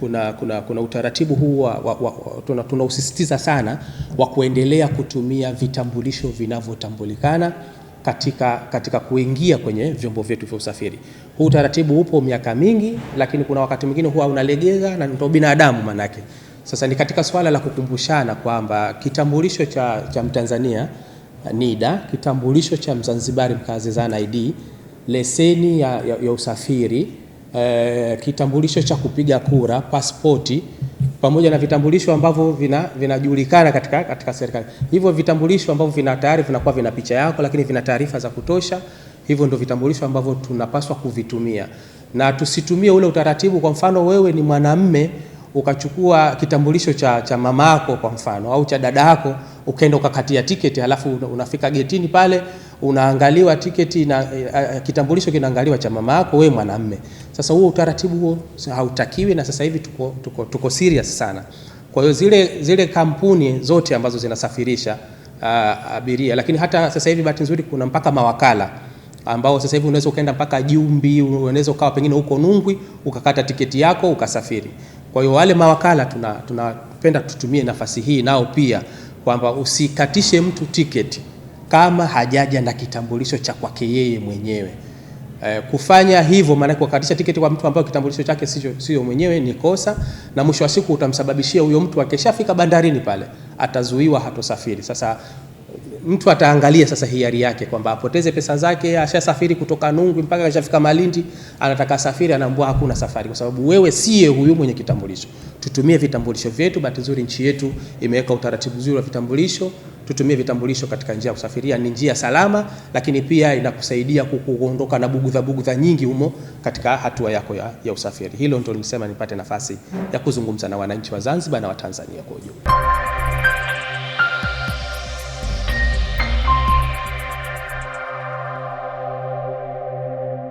kuna, kuna, kuna utaratibu huu wa, wa, wa, tuna, tunausisitiza sana wa kuendelea kutumia vitambulisho vinavyotambulikana katika, katika kuingia kwenye vyombo vyetu vya usafiri. Huu utaratibu upo miaka mingi, lakini kuna wakati mwingine huwa unalegeza na ndio binadamu manake. Sasa ni katika swala la kukumbushana kwamba kitambulisho cha, cha Mtanzania NIDA, kitambulisho cha Mzanzibari mkazi ZAN ID, leseni ya, ya, ya usafiri Eh, kitambulisho cha kupiga kura, pasipoti pamoja na vitambulisho ambavyo vinajulikana vina katika, katika serikali. Hivyo vitambulisho ambavyo vina tayari vinakuwa vina picha yako, lakini vina taarifa za kutosha. Hivyo ndio vitambulisho ambavyo tunapaswa kuvitumia, na tusitumie ule utaratibu. Kwa mfano, wewe ni mwanamme ukachukua kitambulisho cha, cha mama yako kwa mfano au cha dada yako ukaenda ukakatia tiketi, halafu unafika getini pale unaangaliwa tiketi na uh, kitambulisho kinaangaliwa cha mama yako wewe mwanamme. Sasa huo utaratibu huo hautakiwi, na sasa hivi tuko, tuko, tuko serious sana. Kwa hiyo zile, zile kampuni zote ambazo zinasafirisha uh, abiria, lakini hata sasa hivi bahati nzuri kuna mpaka mawakala ambao sasa hivi unaweza ukaenda mpaka Jumbi, unaweza ukawa pengine huko Nungwi ukakata tiketi yako ukasafiri. Kwa hiyo wale mawakala tunapenda tuna, tutumie nafasi hii nao pia kwamba usikatishe mtu tiketi kama hajaja na kitambulisho cha kwake yeye mwenyewe. E, kufanya hivyo maana kukatisha tiketi kwa mtu ambaye kitambulisho chake sio sio mwenyewe ni kosa, na mwisho wa siku utamsababishia huyo mtu akishafika bandarini pale atazuiwa, hatosafiri. Sasa mtu ataangalia sasa hiari yake kwamba apoteze pesa zake, ashasafiri kutoka Nungwi mpaka kashafika Malindi, anataka safiri, anaambua hakuna safari, kwa sababu wewe siye huyu mwenye kitambulisho. Tutumie vitambulisho vyetu. Bahati nzuri nchi yetu imeweka utaratibu mzuri wa vitambulisho tutumie vitambulisho katika njia ya kusafiria. Ni njia salama, lakini pia inakusaidia kuondoka na bugudha bugudha nyingi humo katika hatua yako ya, ya usafiri. Hilo ndio nilisema nipate nafasi ya kuzungumza na wananchi wa Zanzibar na Watanzania kwa ujumla.